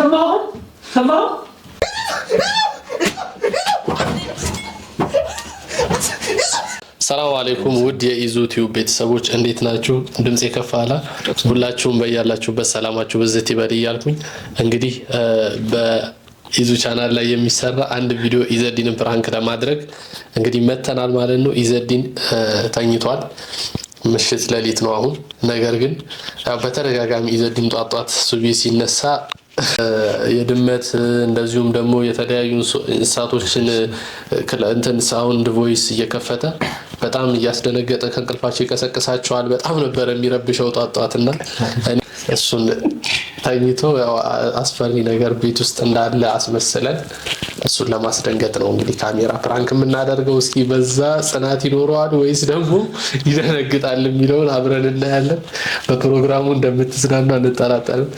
ሰማሁን ሰማሁ ሰላም አለይኩም ውድ የኢዙ ቲዩብ ቤተሰቦች እንዴት ናችሁ? ድምፅ ከፍ ሁላችሁም በያላችሁበት ሰላማችሁ ብዝት ይበል እያልኩኝ እንግዲህ በኢዙ ቻናል ላይ የሚሰራ አንድ ቪዲዮ ኢዘዲንን ፕራንክ ለማድረግ እንግዲህ መተናል ማለት ነው። ኢዘዲን ተኝቷል። ምሽት ሌሊት ነው አሁን። ነገር ግን በተደጋጋሚ ኢዘዲን ጧጧት ሱቢ ሲነሳ የድመት እንደዚሁም ደግሞ የተለያዩ እንስሳቶችን እንትን ሳውንድ ቮይስ እየከፈተ በጣም እያስደነገጠ ከእንቅልፋቸው ይቀሰቅሳቸዋል። በጣም ነበር የሚረብሸው ጧጧትና እሱን ተኝቶ አስፈሪ ነገር ቤት ውስጥ እንዳለ አስመስለን እሱን ለማስደንገጥ ነው እንግዲህ ካሜራ ፕራንክ የምናደርገው። እስኪ በዛ ጽናት ይኖረዋል ወይስ ደግሞ ይደነግጣል የሚለውን አብረን እናያለን። በፕሮግራሙ እንደምትዝናና እንጠራጠርም።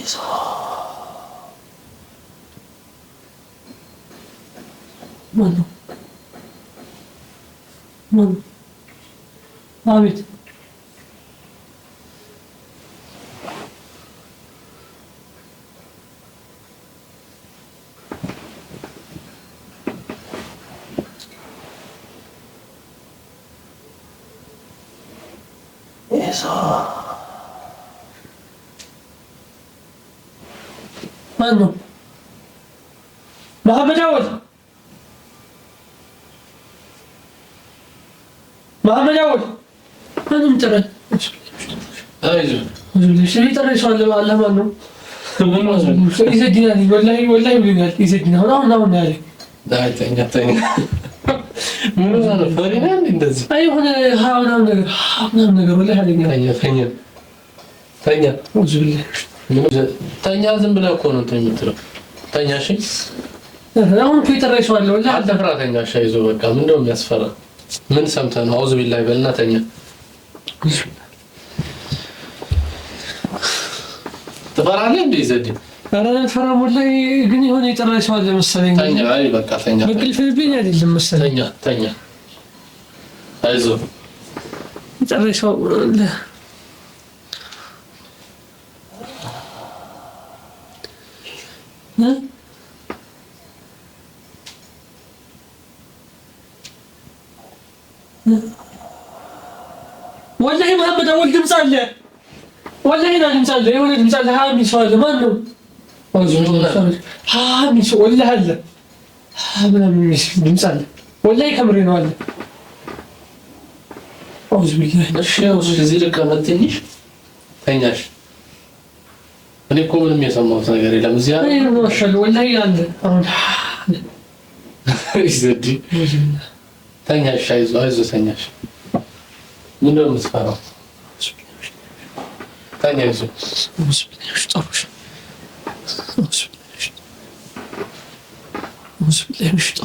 여기서 만나 만나 마음이 ማለት ነው። መሀመድ አወል መሀመድ አወል ምንም ጥረት ይጠረሻል አለ ማለት ነው። ይሰድናል ወላሂ ወላሂ ብሎኛል። ይሰድናል አሁን አሁን ያለ ሆነ ነገር ነገር ወላሂ አለኛ ተኛ ተኛ ተኛ ዝም ብለህ እኮ ነው እንትን የምትለው። ተኛ እሺ። አሁን እኮ ወላ አትፍራ፣ ተኛ እሺ። አይዞህ በቃ ምን እንደው የሚያስፈራ ምን ሰምተህ ነው? አውዝ ቢላይ በልና ተኛ። ትፈራለህ እንዴ ዘዴ? ኧረ አልፈራም ወላሂ። ግን የሆነ የጠራችዋለሁ መሰለኝ። ተኛ። አይ በቃ ተኛ። መግልፍብኝ አይደለም መሰለኝ። ተኛ፣ ተኛ፣ አይዞህ የጠራችዋለሁ Ne? والله محمد اول دمس عليه والله هنا دمس عليه يقول دمس عليه هذا ما انه هذا من ولا هلا هذا من دمس عليه والله كمرين ولا اعوذ بالله ايش يا استاذ زيدك ما تنيش تنيش እኔ እኮ ምንም የሰማሁት ነገር የለም። እዚያ ተኛሽ፣ አይዞህ አይዞህ፣ ተኛሽ። ምንድን ነው የምትፈራው? ተኛ፣ አይዞህ። ሆስፒታል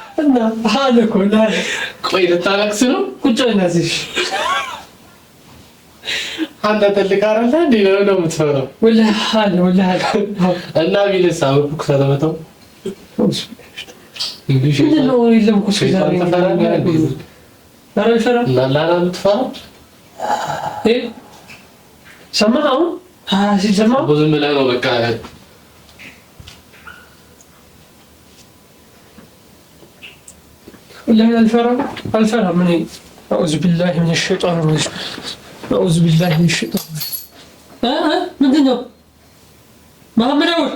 እና አለ እኮ ቆይ ልታለቅስ ነው? ቁጭ እናዚሽ አንተ ትልቅ አይደለ እንዴ? ነው የምትፈራው? ወላሂ ወላሂ። እና ቢልሳ ወኩክ ሰለመተው ሰማህ? አሁን ሲሰማ ዝም ብለህ ነው በቃ ولا من الفرق الفرج مني إيه؟ أعوذ بالله من الشيطان الرجيم أعوذ بالله من الشيطان الرجيم ها ها ما هم من أول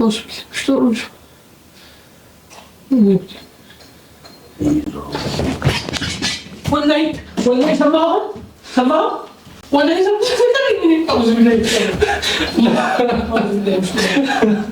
أعوذ بالله من الشيطان الرجيم والله والله سمعهم سمعهم والله أعوذ بالله أعوذ بالله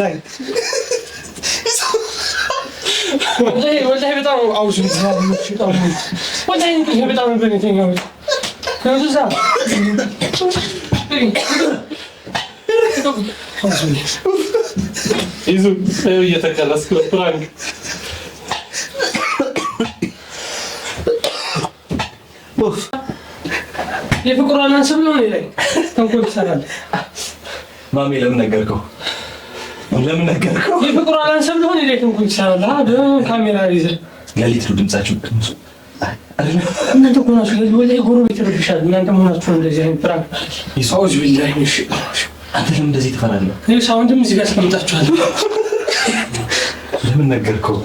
አዛኝ ወላሂ በጣም አውሽ በጣም እየተቀረስክ ፕራንክ የፍቅሯን ስም ነው ላይ ተንኮል ይሰራል። ማሜ ለምን ነገርከው? ለምን ነገርከው? የፍቅሩ አላንሰም ሊሆን የሌት እንኩ ይቻላል። ካሜራ ይዘህ ለሊት ነው ድምጻችሁ ቅምሱ። እናንተ እኮ ናችሁ ወላሂ ጎረቤት ይረብሻል። እናንተ መሆናችሁ እንደዚህ አይነት ፕራንክ ሰዎች ቢላይ ሽ አንተ ለምን እንደዚህ ትፈራለህ? ሳውንድም እዚህ ጋር አስቀምጣችኋል። ለምን ነገርከው?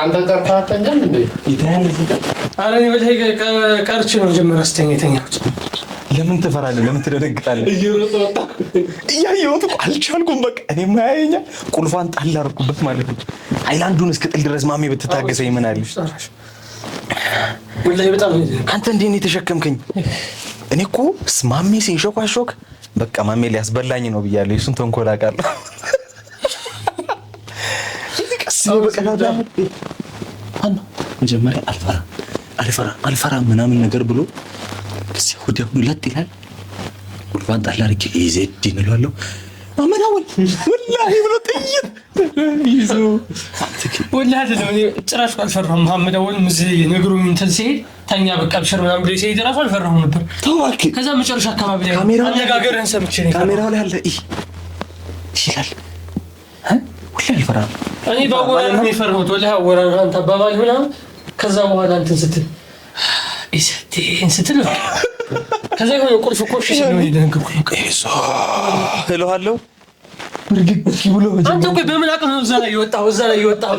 አንተ ቀርተህ አትተኛም እንዴ? ይተኛል። ኧረ እኔ በተለይ ቀርቼ ነው መጀመሪያ ስተኛ የተኛሁት ለምን ትፈራለህ? ለምን ትደነግጣለህ? እያየሁት አልቻልኩም። በቃ እኔ ማያየኛ ቁልፏን ጣል አደረኩበት ማለት ነው። ሀይላንዱን ጥል ድረስ ማሜ ብትታገሰ ይምናል። አንተ እንዴት ነው የተሸከምከኝ? እኔ እኮ ማሜ ሲንሾካሾክ በቃ ማሜ ሊያስበላኝ ነው ብያለሁ። የሱን ተንኮል አውቃለሁ። መጀመሪያ አልፈራ አልፈራ አልፈራ ምናምን ነገር ብሎ ወዲያውኑ ለጥ ይላል። ቁልፏን ጣል አድርጌ ኢዜድ እንለዋለሁ። ማመናወል ወላሂ ብሎ ጥይት ይዞ ወላሂ አይደለም። ጭራሽ አልፈራሁም። መሐመድ አወልም እዚህ እንትን ሲሄድ ተኛ በቃ ብሽር ምናምን ብሎ ሲሄድ እራሱ አልፈራሁም ነበር። ተዋክል ከዛ መጨረሻ አካባቢ ላይ አነጋገርህን ሰምቼ ነው ካሜራው ላይ አለ ይላል። ወላሂ አልፈራሁም እኔ በአወራር ነው ወላሂ አወራር አንተ አባባል ምናምን ከዛ በኋላ እንትን ስትል ኢሰቴን ስትል ከዛ የሆነ ቁልፍ እኮ ነው እለዋለሁ። ብርግግ ብሎ አንተ ቆይ በምን አቅም ነው እዛ ላይ የወጣው? እዛ ላይ የወጣው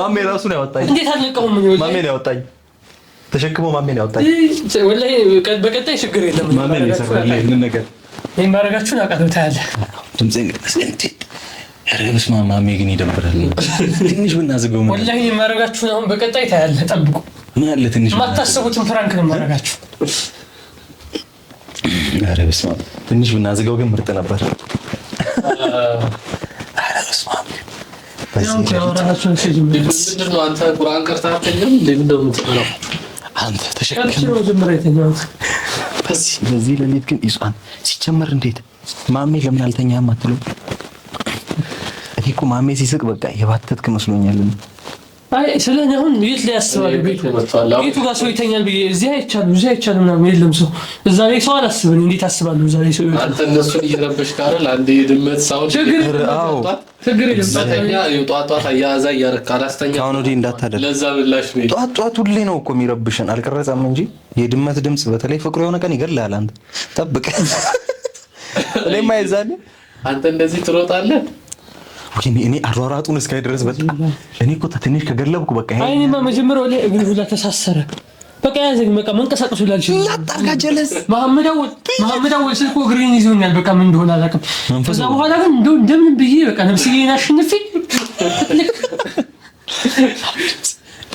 ማሜ ራሱ ነው ያወጣኝ። እንዴት አልነቃውም? ማሜ ነው ያወጣኝ ተሸክሞ ማሜ ነው ያወጣኝ። ወላሂ በቀጣይ ችግር የለም ማሜ ነው የሰራልኝ። ምን ነገር ይሄን ባረጋችሁን አውቃለሁ። ታያለህ ድምጼ ማሜ ግን ይደብራል። ትንሽ ብናዝገው ወላሂ ማረጋችሁን አሁን በቀጣይ ታያለህ፣ ጠብቁ ምን አለ ትንሽ ማታሰቡትም ፍራንክ ነው ማረጋችሁ። አረ በስመ አብ ትንሽ ብናዝጋው ግን ምርጥ ነበር። አረ በስመ አብ አንተ በዚህ ሌሊት ግን ይሷን ሲጀመር እንዴት ማሜ ለምን አልተኛም አትለው? እኔ እኮ ማሜ ሲስቅ በቃ የባተትክ መስሎኛል። አይ ስለ እኔ አሁን የት ላይ ያስባል? ቤቱ ቤቱ ጋር ሰው ይተኛል ብዬ እዚህ አይቻልም፣ እዚህ አይቻልም ምናምን የለም ሰው እዛ ላይ ሰው አላስብን። እንዴት አስባለሁ? እዛ ላይ ሰው ይወጣል። አንተ እነሱን እየረበሽ ካረል አንድ የድመት ሰው ችግር ችግር የለበትኛ ጧት ጧት አያያዛ እያረካ አላስተኛ አሁን ወዲህ እንዳታደርግ። ለዛ ብላሽ ነው ጧት ጧት ሁሌ ነው እኮ የሚረብሽን። አልቀረጸም እንጂ የድመት ድምፅ በተለይ ፍቅሩ የሆነ ቀን ይገላል። አንተ ጠብቀህ እኔማ የዛኔ አንተ እንደዚህ ትሮጣለህ እኔ አሯሯጡን እስካይ ድረስ በጣም እኔ እኮ ትንሽ ከገለብኩ በቃ አይኔማ መጀመሪያው ላይ እግር ሁላ ተሳሰረ። በቃ ያዘኝ። በቃ መንቀሳቀሱ ላልች ላጣርጋ ጀለስ መሐመድ አወል መሐመድ ስልኮ እግሬን ይዞኛል። በቃ ምን እንደሆነ አላውቅም። ከዛ በኋላ ግን እንደምን ብዬ በቃ ነፍስዬን አሸንፌ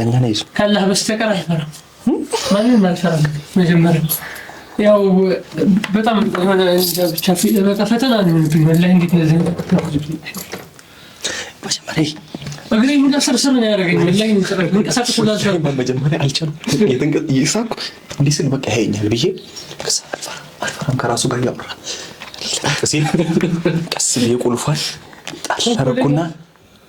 እርግጠኛ ነኝ እሱ ካላህ በስተቀር አይፈራም። ማንም አልፈራም። መጀመሪያ ያው በጣም የሆነ ብቻ ፈተና ነው የሚሆንብኝ። ወላሂ እንዴት ነው እዚህ መጀመሪያ እግሬ ሁላ ሰርስር ነው ያደረገኝ። ወላሂ እንቀሳቀስ ሁላ አልቻልኩም። መጀመሪያ አልቻልኩም። እየሳኩ እንዲህ ስል በቃ ይሄኛል ብዬ አልፈራም። ከራሱ ጋር ያወራል። ቀስ ብዬ ቁልፏል ጣል አደረኩና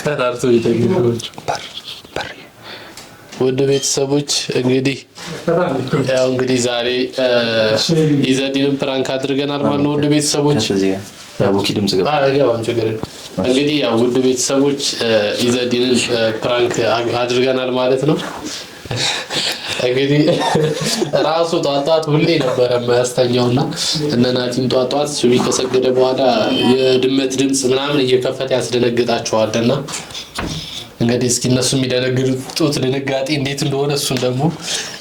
ከራርቶ ውድ ቤተሰቦች እንግዲህ ያው እንግዲህ ዛሬ ይዘዲንም ፕራንክ አድርገናል ማለት ነው። ውድ ቤተሰቦች እንግዲህ ያው ውድ ቤተሰቦች ኢዘዲንን ፕራንክ አድርገናል ማለት ነው። እንግዲህ ራሱ ጧጧት ሁሌ ነበረ የማያስተኛው እና እነ ናቲም ጧት ጧት ከሰገደ በኋላ የድመት ድምፅ ምናምን እየከፈተ ያስደነግጣቸዋል እና እንግዲህ እስኪ እነሱ የሚደነግጡት ድንጋጤ እንዴት እንደሆነ እሱን ደግሞ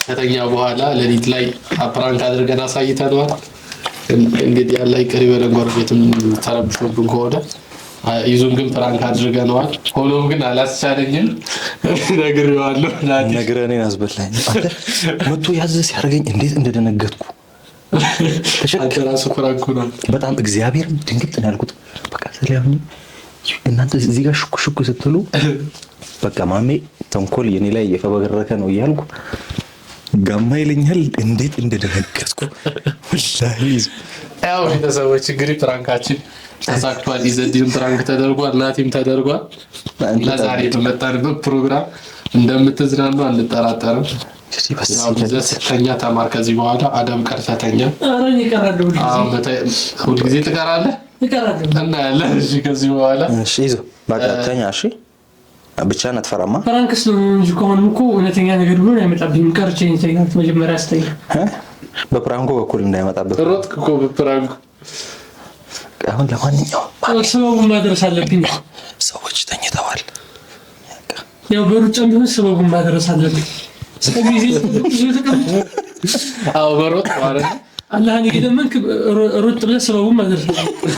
ከተኛ በኋላ ሌሊት ላይ አፕራንክ አድርገን አሳይተነዋል። እንግዲህ ያላይ ቀሪ በለን ጎረቤትም ተረብሾብን ከሆነ ይዙን ግን ፕራንክ አድርገነዋል። ሆኖም ግን አላስቻለኝም። ነግሬዋለሁ። ነግረህ እኔን አስበላኝ መቶ ያዘ ሲያደርገኝ እንዴት እንደደነገጥኩ በጣም እግዚአብሔር ድንግጥ ነው ያልኩት። በቃ ስለያሁኝ እናንተ እዚህ ጋር ሽኩ ሽኩ ስትሉ በቃ ማሜ ተንኮል የኔ ላይ እየፈበረከ ነው እያልኩ ጋማ ይለኛል። እንዴት እንደደነገጥኩ ላ ቤተሰቦች እንግዲህ ፕራንካችን ተሳክቷል። ኢዘዲን ፕራንክ ተደርጓል፣ ናቲም ተደርጓል። ለዛሬ በመጣንበት ፕሮግራም እንደምትዝናኑ አንጠራጠርም። ስተኛ ተማር። ከዚህ በኋላ አደብ ቀርተተኛ ሁልጊዜ ትቀራለ እና ከዚህ በኋላ ብቻ ነትፈራማ ፍራንክ ስለሆነ ከሆነ እኮ እውነተኛ ነገር ብሎ አይመጣብኝም። ቀርቼ መጀመሪያ ስተኛ በፕራንኩ በኩል እንዳይመጣበት ሮጥክ እኮ በፕራንኩ አሁን ለማንኛውም ሰበቡን ማድረስ አለብኝ። ሰዎች ተኝተዋል። ያው በሩጫም ቢሆን ሰበቡን ማድረስ አለብኝ። ስለዚህ አዎ በሮጥ ማለት ነው። አላህን እየለመንክ ሩጥ ብለህ ሰበቡን ማድረስ አለብኝ።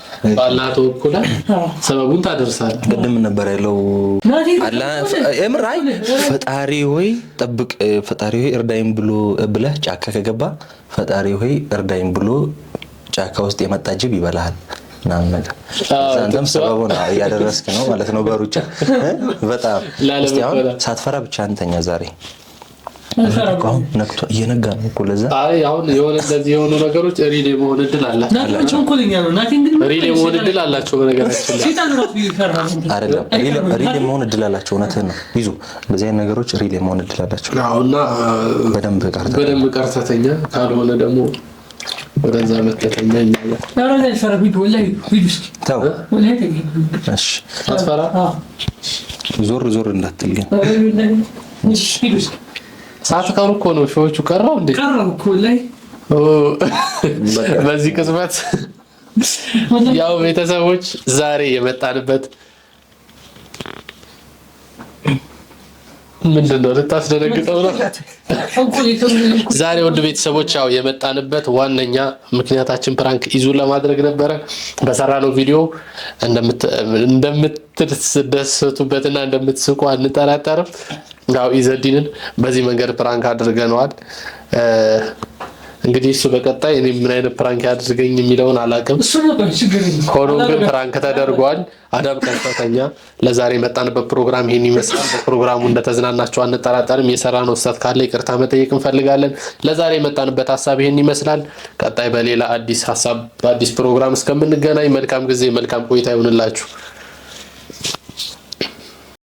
በአላህ ተወኩለ ሰበቡን ታደርሳል። ቅድም ነበር ያለው ምራይ ፈጣሪ ሆይ ጠብቅ፣ ፈጣሪ ሆይ እርዳይም ብሎ ብለህ ጫካ ከገባ ፈጣሪ ሆይ እርዳይም ብሎ ጫካ ውስጥ የመጣ ጅብ ይበላሃል ምናምን ሰበቡ አንተም እያደረስክ ነው ማለት ነው በሩጫ በጣም ሳትፈራ ብቻ አንተኛ ዛሬ እየነጋ ነው እኮ ለዛ አሁን የሆነ እንደዚህ የሆኑ ነገሮች ሪል የመሆን እድል አላቸው። በነገራችን ሪል የመሆን እድል አላቸው። እውነትህን ነው። ይዞ በዚህ አይነት ነገሮች ሪል የመሆን እድል አላቸው እና በደንብ ቀርተተኛ ካልሆነ ደግሞ ወደዛ መተተኛ ዞር ዞር እንዳትል ግን ሳትቀሩ እኮ ነው ሾዎቹ። ቀረው እንዴ? ቀረው እኮ ላይ በዚህ ቅጽበት ያው ቤተሰቦች ዛሬ የመጣንበት ምንድን ነው? ልታስደነግጠው ነው። ዛሬ ውድ ቤተሰቦች ያው የመጣንበት ዋነኛ ምክንያታችን ፕራንክ ይዙ ለማድረግ ነበረ። በሰራነው ቪዲዮ እንደምት? እንደምትደሰቱበትና እንደምትስቁ አንጠራጠርም። ያው ኢዘዲንን በዚህ መንገድ ፕራንክ አድርገነዋል። እንግዲህ እሱ በቀጣይ እኔ ምን አይነት ፕራንክ ያድርገኝ የሚለውን አላውቅም። ሆኖም ግን ፕራንክ ተደርጓል። አዳም ከፍተኛ ለዛሬ የመጣንበት ፕሮግራም ይህን ይመስላል። በፕሮግራሙ እንደተዝናናቸው አንጠራጠርም። የሰራነው ስህተት ካለ ይቅርታ መጠየቅ እንፈልጋለን። ለዛሬ የመጣንበት ሀሳብ ይህን ይመስላል። ቀጣይ በሌላ አዲስ ሀሳብ በአዲስ ፕሮግራም እስከምንገናኝ መልካም ጊዜ፣ መልካም ቆይታ ይሆንላችሁ።